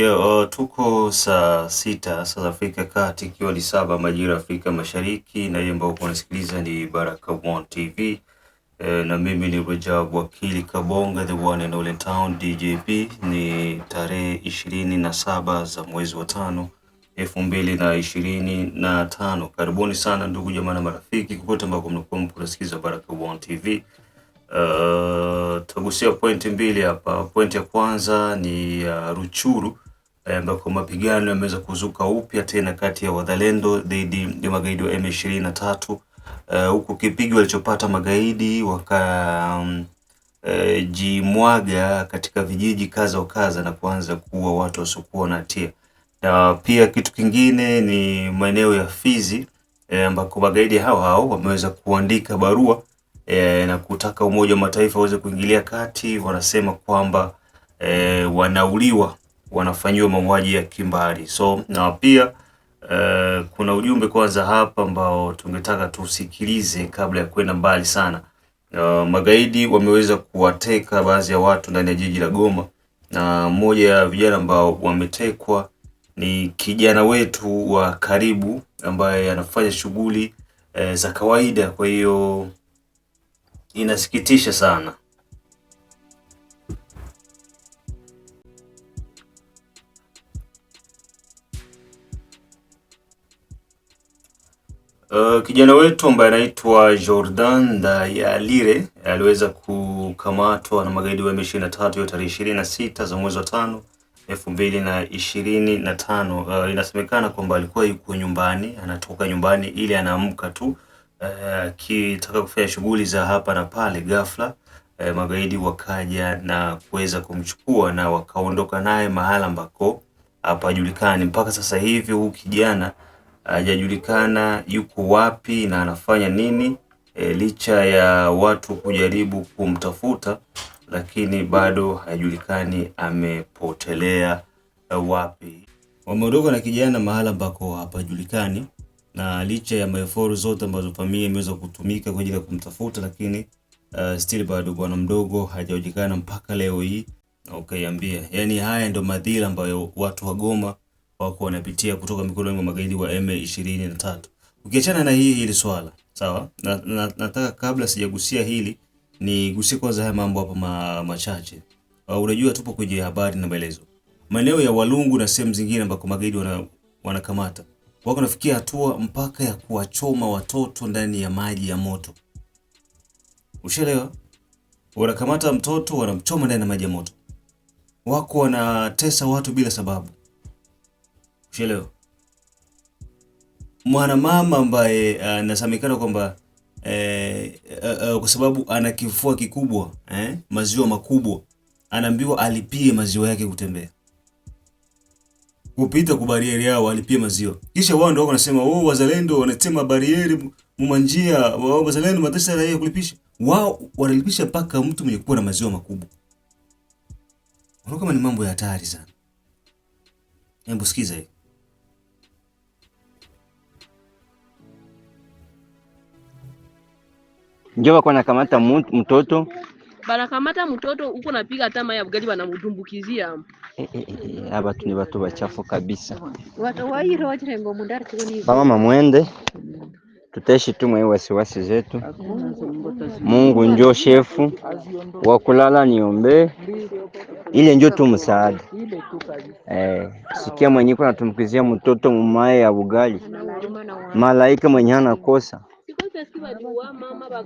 Ndiyo, oh, tuko saa sita saa za Afrika Kati, ikiwa ni saba majira Afrika Mashariki, na hiyo ambao unasikiliza ni Baraka One TV e, eh, na mimi ni Rajab Wakili Kabonga, the one and only town DJP. Ni tarehe ishirini na saba za mwezi wa tano elfu mbili na ishirini na tano. Karibuni sana ndugu jamaa na marafiki kokote ambako mnakuwa mnasikiliza Baraka One TV. Uh, eh, tagusia pointi mbili hapa. Pointi ya kwanza ni uh, Ruchuru ambako e, mapigano yameweza kuzuka upya tena kati ya wazalendo dhidi ya magaidi wa M23 eh, huku e, kipigo walichopata magaidi waka um, e, jimwaga katika vijiji kaza wa kaza na kuanza kuua watu wasiokuwa na hatia. Na pia kitu kingine ni maeneo ya Fizi eh, ambako eh, magaidi hao hao wameweza kuandika barua e, na kutaka Umoja wa Mataifa waweze kuingilia kati. Wanasema kwamba e, wanauliwa wanafanyiwa mauaji ya kimbari. So na pia uh, kuna ujumbe kwanza hapa ambao tungetaka tusikilize kabla ya kwenda mbali sana. Uh, magaidi wameweza kuwateka baadhi ya watu ndani ya jiji la Goma, na mmoja ya vijana ambao wametekwa ni kijana wetu wa karibu ambaye anafanya shughuli eh, za kawaida. Kwa hiyo inasikitisha sana Uh, kijana wetu ambaye anaitwa Jordan Ndayalire aliweza kukamatwa na magaidi wa M23 hiyo tarehe ishirini na sita za mwezi wa tano elfu mbili na ishirini na tano. Uh, inasemekana kwamba alikuwa yuko nyumbani, anatoka nyumbani ili anaamka tu eh, akitaka uh, kufanya shughuli za hapa na pale, ghafla uh, magaidi wakaja na kuweza kumchukua na wakaondoka naye mahala ambako hapajulikani mpaka sasa hivi. Huu kijana hajajulikana yuko wapi na anafanya nini. E, licha ya watu kujaribu kumtafuta, lakini bado hajulikani amepotelea e, wapi. Wameondoka na kijana mahala ambako hapajulikani, na licha ya maefori zote ambazo familia imeweza kutumika kwa ajili ya kumtafuta, lakini uh, still bado bwana mdogo hajajulikana mpaka leo hii na ukaiambia. Yani haya ndio madhira ambayo watu wagoma Goma wako wanapitia kutoka mikononi mwa magaidi wa M23. Ukiachana na hii hili swala sawa, Na, na, nataka kabla sijagusia hili nigusie kwanza haya mambo hapa ma, machache. Uh, unajua tupo kwenye habari na maelezo. Maeneo ya Walungu na sehemu zingine ambako magaidi wana, wanakamata wako nafikia hatua mpaka ya kuwachoma watoto ndani ya maji ya moto. Ushelewa? Wanakamata mtoto wanamchoma ndani ya maji ya moto, wako wanatesa watu bila sababu. Sielewi. Mwanamama ambaye anasemekana eh, kwamba eh, eh, eh, kwa sababu ana kifua kikubwa eh, maziwa makubwa, anaambiwa alipie maziwa yake kutembea kupita kwa barieri yao, alipie maziwa. Kisha wao ndio wanasema wao oh, wazalendo wanatema barieri mumanjia, wao wazalendo matesa raia kulipisha. Wao wanalipisha mpaka mtu mwenye kuwa na maziwa makubwa. Unaona kama ni mambo ya hatari sana. Hebu sikiza hiyo. Njo bako nakamata mtoto banakamata mtoto huko napiga hata maya bugali banamudumbukizia. E, eh, e, eh, eh, ni batu bachafu kabisa. Bamama mwende tuteshi tu mwa wasiwasi zetu. Mungu njo shefu wa kulala, niombe ile njo tu msaada eh. Sikia mwenyeko natumbukizia mtoto mumaye ya bugali, malaika mwenye anakosa waliua mama,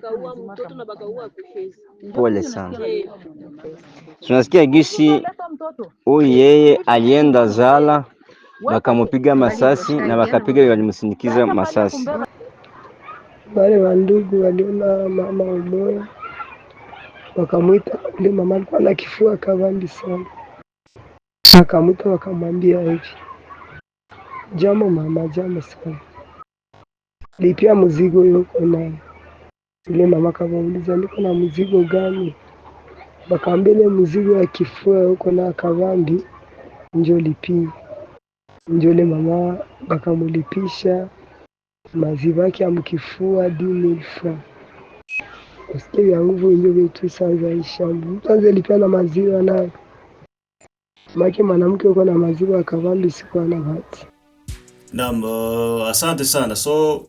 mtoto na kushezi. Pole sana. Tunasikia gisi huyu yeye alienda zala, wakamupiga masasi na wakapiga walimusindikiza masasi. Wale wandugu waliona mama umoya, wakamwita ule mama alikuwa na kifua kavandi sana, wakamwita wakamwambia hivi, jambo mama, jambo sana Lipia mzigo yuko naye yule mama, kamuuliza niko na mzigo gani? Bakambele mzigo ya kifua yuko na kavambi, njo njo le mama, bakamulipisha maziba yake amkifua dimilfa usikia ya nguvu njo vitu sanza ishambu sanza lipia na maziwa nayo make mwanamke uko na maziwa akavambi siku ana bahati. Naam, uh, asante sana so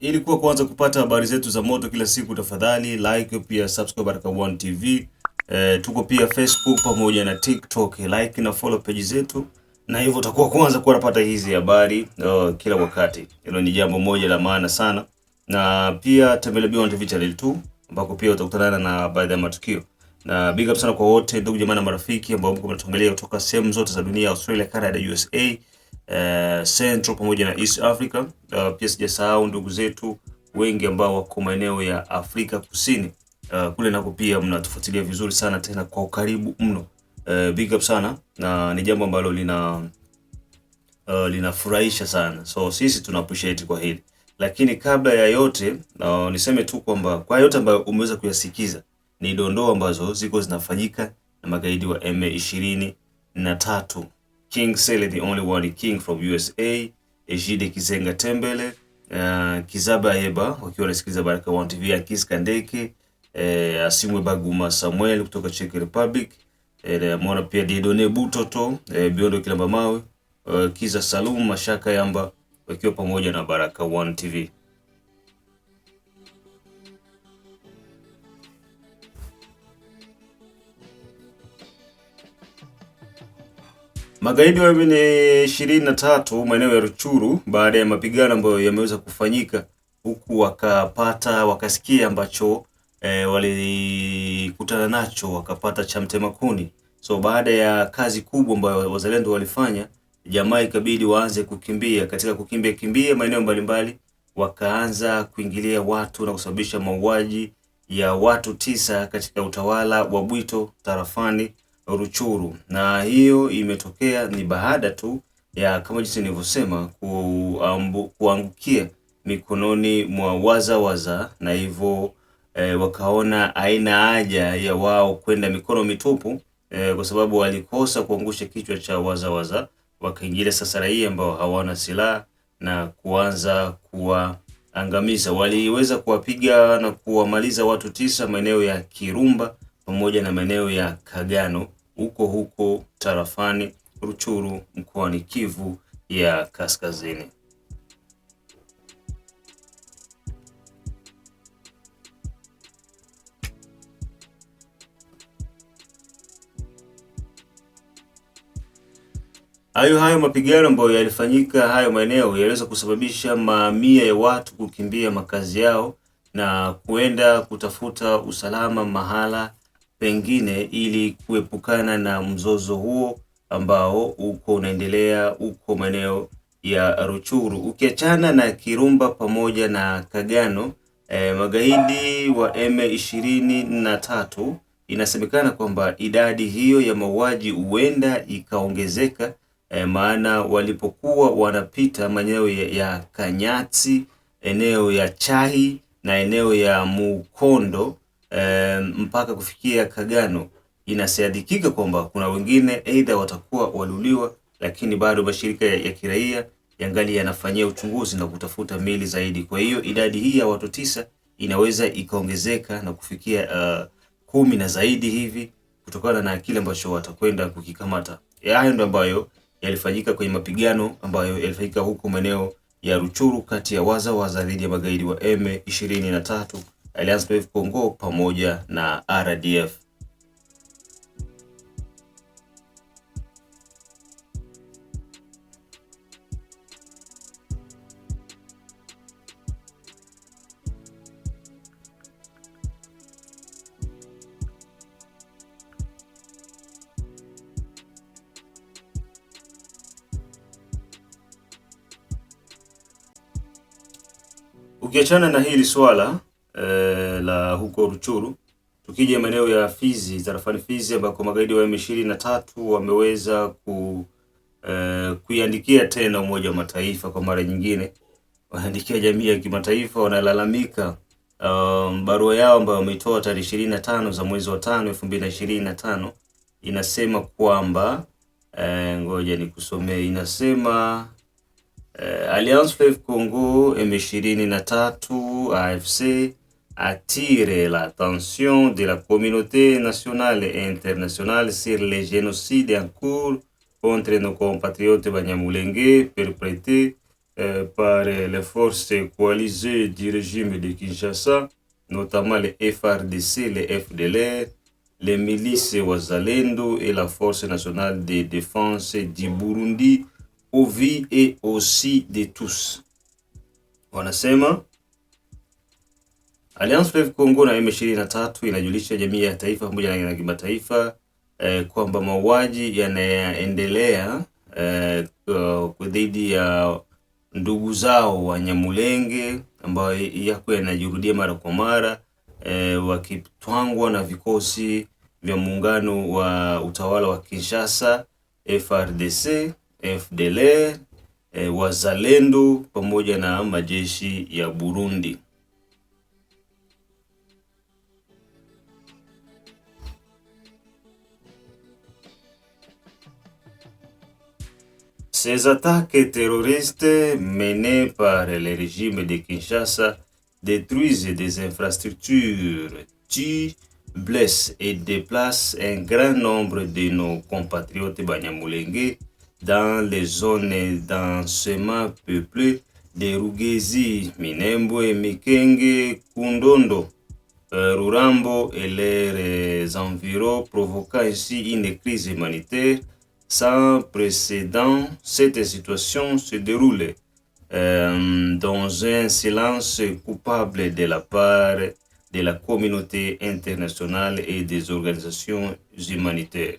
ili kuwa kwanza kupata habari zetu za moto kila siku, tafadhali like pia subscribe Baraka One TV. E, eh, tuko pia Facebook pamoja na TikTok. Like na follow page zetu, na hivyo utakuwa kwanza kuwa unapata hizi habari uh, kila wakati. Hilo ni jambo moja la maana sana, na pia tembelea One TV channel 2 ambako pia utakutana na baadhi ya matukio na big up sana kwa wote ndugu jamaa na marafiki ambao mko mnatuangalia kutoka sehemu zote za dunia, Australia, Canada, USA uh, Central pamoja na East Africa. Uh, pia sijasahau ndugu zetu wengi ambao wako maeneo ya Afrika Kusini uh, kule nako pia mnatufuatilia vizuri sana tena kwa ukaribu mno. Uh, big up sana na ni jambo ambalo lina uh, linafurahisha sana, so sisi tuna appreciate kwa hili lakini kabla ya yote uh, niseme tu kwamba kwa yote ambayo umeweza kuyasikiza ni dondoo ambazo ziko zinafanyika na magaidi wa M23 King Sele the only world king from USA, Ejide Kizenga Tembele, uh, Kizaba Eba wakiwa wanasikiliza Baraka One TV, Akis Kandeke, eh, Asimwe Baguma Samuel kutoka Czech Republic, eh, mwana pia Diedone Butoto, eh, Biondo Kilamba Mawe, uh, Kiza Salum Mashaka Yamba wakiwa pamoja na Baraka One TV. Magaidi wa M23 maeneo ya Ruchuru baada ya mapigano ambayo yameweza kufanyika huku wakapata wakasikia ambacho e, walikutana nacho wakapata cha mtemakuni. So baada ya kazi kubwa ambayo wazalendo walifanya, jamaa ikabidi waanze kukimbia. Katika kukimbia kimbia maeneo mbalimbali, wakaanza kuingilia watu na kusababisha mauaji ya watu tisa katika utawala wa Bwito tarafani Ruchuru, na hiyo imetokea ni baada tu ya kama jinsi nilivyosema kuangukia mikononi mwa wazawaza waza, na hivyo e, wakaona aina haja ya wao kwenda mikono mitupu e, kwa sababu walikosa kuangusha kichwa cha wazawaza, wakaingilia sasa raia ambao hawana silaha na kuanza kuwaangamiza. Waliweza kuwapiga na kuwamaliza watu tisa maeneo ya Kirumba pamoja na maeneo ya Kagano huko huko tarafani Ruchuru mkoani Kivu ya Kaskazini. Hayo hayo mapigano ambayo yalifanyika hayo maeneo yaliweza kusababisha mamia ya watu kukimbia makazi yao na kuenda kutafuta usalama mahala pengine ili kuepukana na mzozo huo ambao uko unaendelea uko maeneo ya Ruchuru. Ukiachana na Kirumba pamoja na Kagano, eh, magaidi wa M23 inasemekana kwamba idadi hiyo ya mauaji huenda ikaongezeka, eh, maana walipokuwa wanapita maeneo ya Kanyati, eneo ya Chahi na eneo ya Mukondo e, mpaka kufikia Kagano inasadikika kwamba kuna wengine aidha watakuwa waluliwa, lakini bado mashirika ya, ya kiraia yangali yanafanyia uchunguzi na kutafuta mili zaidi. Kwa hiyo idadi hii ya watu tisa inaweza ikaongezeka na kufikia uh, kumi na zaidi hivi kutokana na kile ambacho watakwenda kukikamata. Hayo ndio ambayo yalifanyika kwenye mapigano ambayo yalifanyika huko maeneo ya Ruchuru kati ya wazawaza dhidi ya magaidi wa M23 Alliance Fleuve Congo pamoja na RDF. Ukiachana na hili swala la huko Ruchuru. Tukija maeneo ya Fizi, tarafani Fizi, ambako magaidi wa M23 wameweza ku uh, kuiandikia tena Umoja wa Mataifa kwa mara nyingine, waandikia jamii ya kimataifa, wanalalamika um, barua yao ambayo wameitoa tarehe 25 za mwezi wa tano 2025 inasema kwamba uh, ngoja nikusomee, inasema eh, Alliance Fleuve Congo M23 AFC attirer l'attention de la communauté nationale et internationale sur les génocides en cours contre nos compatriotes banyamulenge perpétrés euh, par euh, les forces coalisées du régime de Kinshasa, notamment les FRDC, les FDLR, les milices Wazalendo et la Force nationale de défense du Burundi, OVI et aussi de tous. seulement Alliance Fleuve Congo na M23 inajulisha jamii ya taifa pamoja na kimataifa eh, kwamba mauaji yanaendelea eh, dhidi ya ndugu zao wa Nyamulenge ambayo yako yanajirudia mara kwa mara eh, wakitwangwa na vikosi vya muungano wa utawala wa Kinshasa FRDC, FDLR, eh, wazalendo pamoja na majeshi ya Burundi. Ces attaques terroristes menées par le régime de Kinshasa détruisent des infrastructures, tuent, blessent et déplacent un grand nombre de nos compatriotes banyamulenge dans les zones densément peuplées de Rugezi, et Mikenge, Kundondo, euh, Rurambo et leurs environs, provoquant ainsi une crise humanitaire sans précédent, cette situation se déroule euh, dans un silence coupable de la part de la communauté internationale et des organisations humanitaires.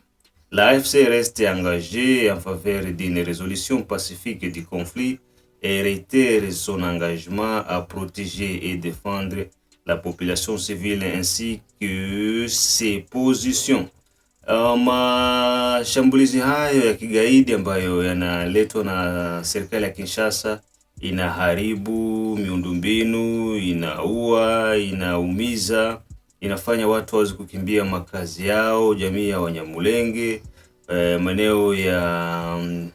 L'AFC reste engagée en faveur d'une résolution pacifique du conflit et réitère son engagement à protéger et défendre la population civile ainsi que ses positions Uh, mashambulizi hayo ya kigaidi ambayo yanaletwa na serikali ya Kinshasa inaharibu miundombinu, inaua, inaumiza, inafanya watu waweze kukimbia makazi yao, jamii ya Wanyamulenge, uh, maeneo ya um,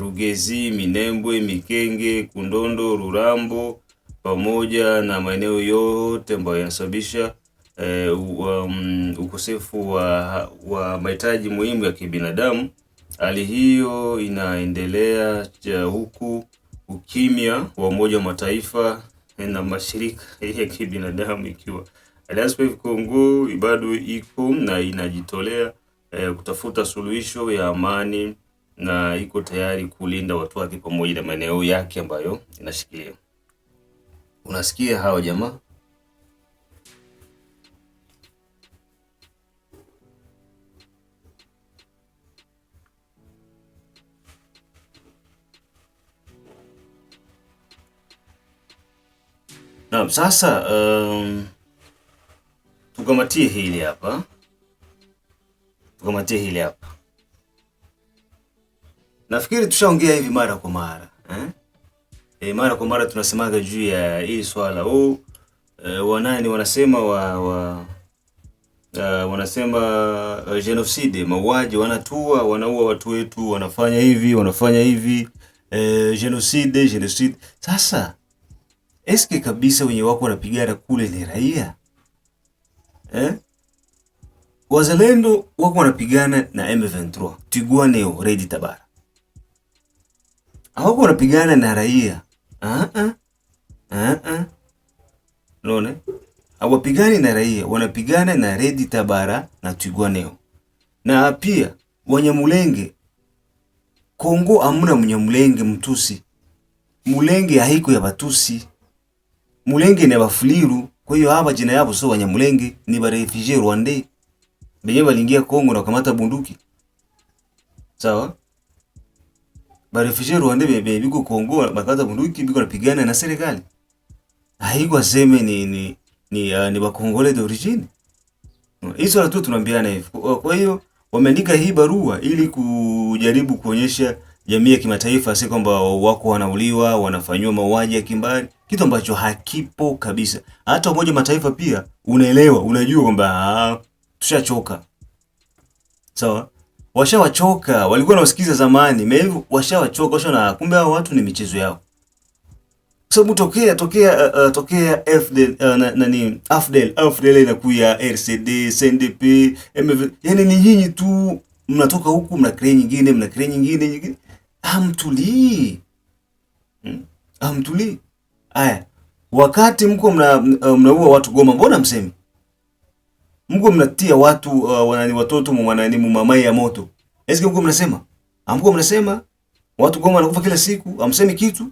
Rugezi, Minembwe, Mikenge, Kundondo, Rurambo pamoja na maeneo yote ambayo yanasababisha eh, um, ukosefu wa, wa mahitaji muhimu ya kibinadamu. Hali hiyo inaendelea huku ukimya wa Umoja wa Mataifa eh, na mashirika ya kibinadamu ikiwa Alliance Congo bado iko na inajitolea eh, kutafuta suluhisho ya amani na iko tayari kulinda watu wake pamoja na maeneo yake ambayo inashikilia. Unasikia hawa jamaa Naam, sasa um, ehm, tukamatie hili hapa, tukamatie hili hapa. Nafikiri tushaongea hivi mara kwa mara eh? E, mara kwa mara tunasemaga juu ya hili swala oh, e, eh, wanani wanasema wa, wa Uh, wanasema uh, genocide mauaji, wanatua wanaua watu wetu, wanafanya hivi wanafanya hivi, uh, genocide genocide. Sasa eske kabisa wenye wako wanapigana kule ni raia eh? Wazalendo wako wanapigana na M23 Tigwaneo Red Tabara, hawako wanapigana na raia ah -ah. Ah -ah. Lone hawapigani na raia, wanapigana na Red Tabara na Tigwaneo na pia Wanyamulenge Kongo. Amuna mnyamulenge mtusi, mulenge haiko ya batusi mulenge ne bafuliru kwa hiyo hapa jina yabo sio wanyamulenge ni ba refugee rwandais benye balingia Kongo na kamata bunduki sawa ba refugee rwandais bebe biko Kongo na kamata bunduki biko napigana na serikali haiko aseme ni ni ni, uh, ni ba kongole de origine hizo watu tunaambiana hivyo kwa hiyo wameandika hii barua ili kujaribu kuonyesha jamii ya kimataifa, si kwamba wako wanauliwa wanafanyiwa mauaji ya kimbari, kitu ambacho hakipo kabisa. Hata Umoja wa Mataifa pia unaelewa, unajua kwamba ah, tushachoka, sawa so, washawachoka walikuwa wanausikiza zamani mevi, washawachoka washana, kumbe hao watu ni michezo yao, sababu tokea tokea uh, tokea FDL uh, eh, nani AFDL AFDL RCD CNDP yani ni nyinyi tu mnatoka huku mna nyingine mna nyingine nyingine hamtulii hmm? hamtulii. Aya, wakati mko eh, mnaua mna watu Goma, mbona msemi mko mnatia watu uh, wanani watoto mwanani mumamai ya moto eske mko mnasema amko mnasema watu Goma wanakufa kila siku, amsemi kitu.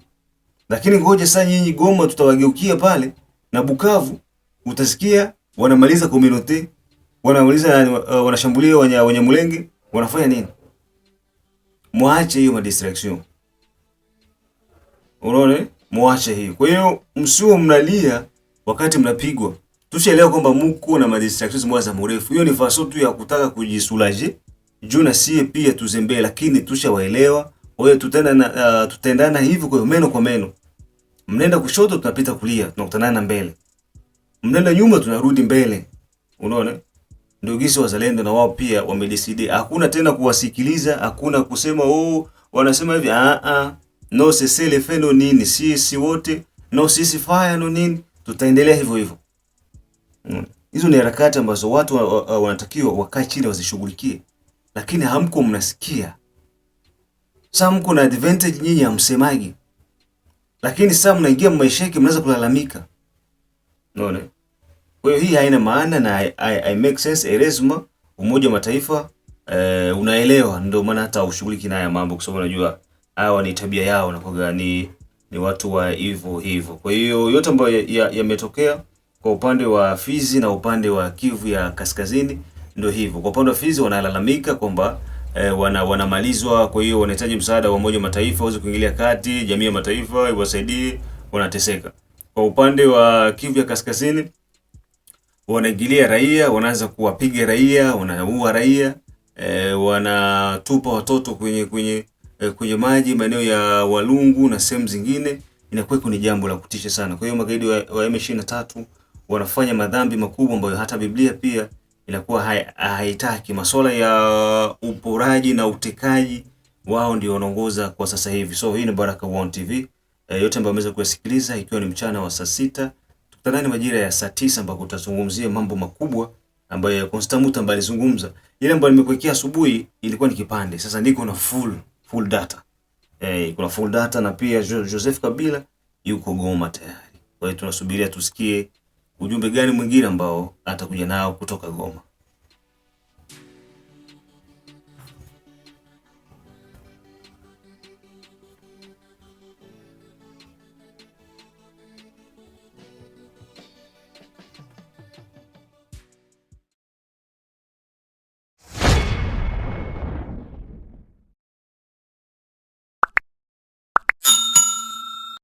Lakini ngoja sasa, nyinyi Goma tutawageukia pale na Bukavu, utasikia wanamaliza komunote wanamaliza uh, wanashambulia Wanyamulenge, wanafanya nini? mwache hiyo madistraction. Unaona, eh? mwache hiyo. Kwa hiyo msio mnalia wakati mnapigwa. Tushaelewa kwamba mko na madistractions mwaza mrefu. Hiyo ni faso tu ya kutaka kujisulaje juu na sie pia tuzembee, lakini tushawaelewa. Kwa hiyo tutenda na uh, tutendana hivi kwa meno kwa meno. mnenda kushoto tunapita kulia, tunakutana na mbele. mnenda nyuma tunarudi mbele. Unaona? ndugu hizo wazalendo na wao pia wamejisidia. Hakuna tena kuwasikiliza, hakuna kusema oh, wanasema hivi a ah, a ah, no sese le feno nini, sisi wote no sisi fire no nini, tutaendelea hivyo hivyo. Mm. Hizo hmm, ni harakati ambazo watu wanatakiwa wa, wa, wakae chini wazishughulikie, lakini hamko mnasikia. Sasa mko na advantage nyinyi, hamsemaji, lakini sasa mnaingia maisha yake, mnaanza kulalamika. Unaona? no, kwa hiyo hii haina maana na I, I, I make sense. Erasmus Umoja wa Mataifa eh, unaelewa, ndio maana hata ushughuliki nayo mambo, kwa sababu unajua hawa ni tabia yao na kwa ni, ni watu wa hivyo hivyo. Kwa hiyo yote ambayo yametokea ya kwa upande wa Fizi na upande wa Kivu ya Kaskazini ndio hivyo. Kwa upande wa Fizi wanalalamika kwamba E, wana, wanamalizwa, kwa hiyo wanahitaji msaada wa Umoja wa Mataifa waweze kuingilia kati, jamii ya mataifa iwasaidie, wanateseka. Kwa upande wa Kivu ya Kaskazini wanaingilia raia, wanaanza kuwapiga raia, wanaua raia e, wanatupa watoto kwenye kwenye e, kwenye maji maeneo ya Walungu na sehemu zingine, inakuwa ni jambo la kutisha sana. Kwa hiyo magaidi wa, wa M23 wanafanya madhambi makubwa ambayo hata Biblia pia inakuwa haitaki. Masuala ya uporaji na utekaji, wao ndio wanaongoza kwa sasa hivi. So hii ni Baraka1 TV. E, yote ambayo ameweza kuyasikiliza, ikiwa ni mchana wa saa sita nadhani majira ya saa tisa ambako tutazungumzia mambo makubwa ambayo Constant Mutamba alizungumza. Ile ambayo nimekuwekea asubuhi ilikuwa ni kipande. Sasa niko na full full data. Eh, kuna full data na pia Joseph Kabila yuko Goma tayari. Kwa hiyo tunasubiria tusikie ujumbe gani mwingine ambao atakuja nao kutoka Goma.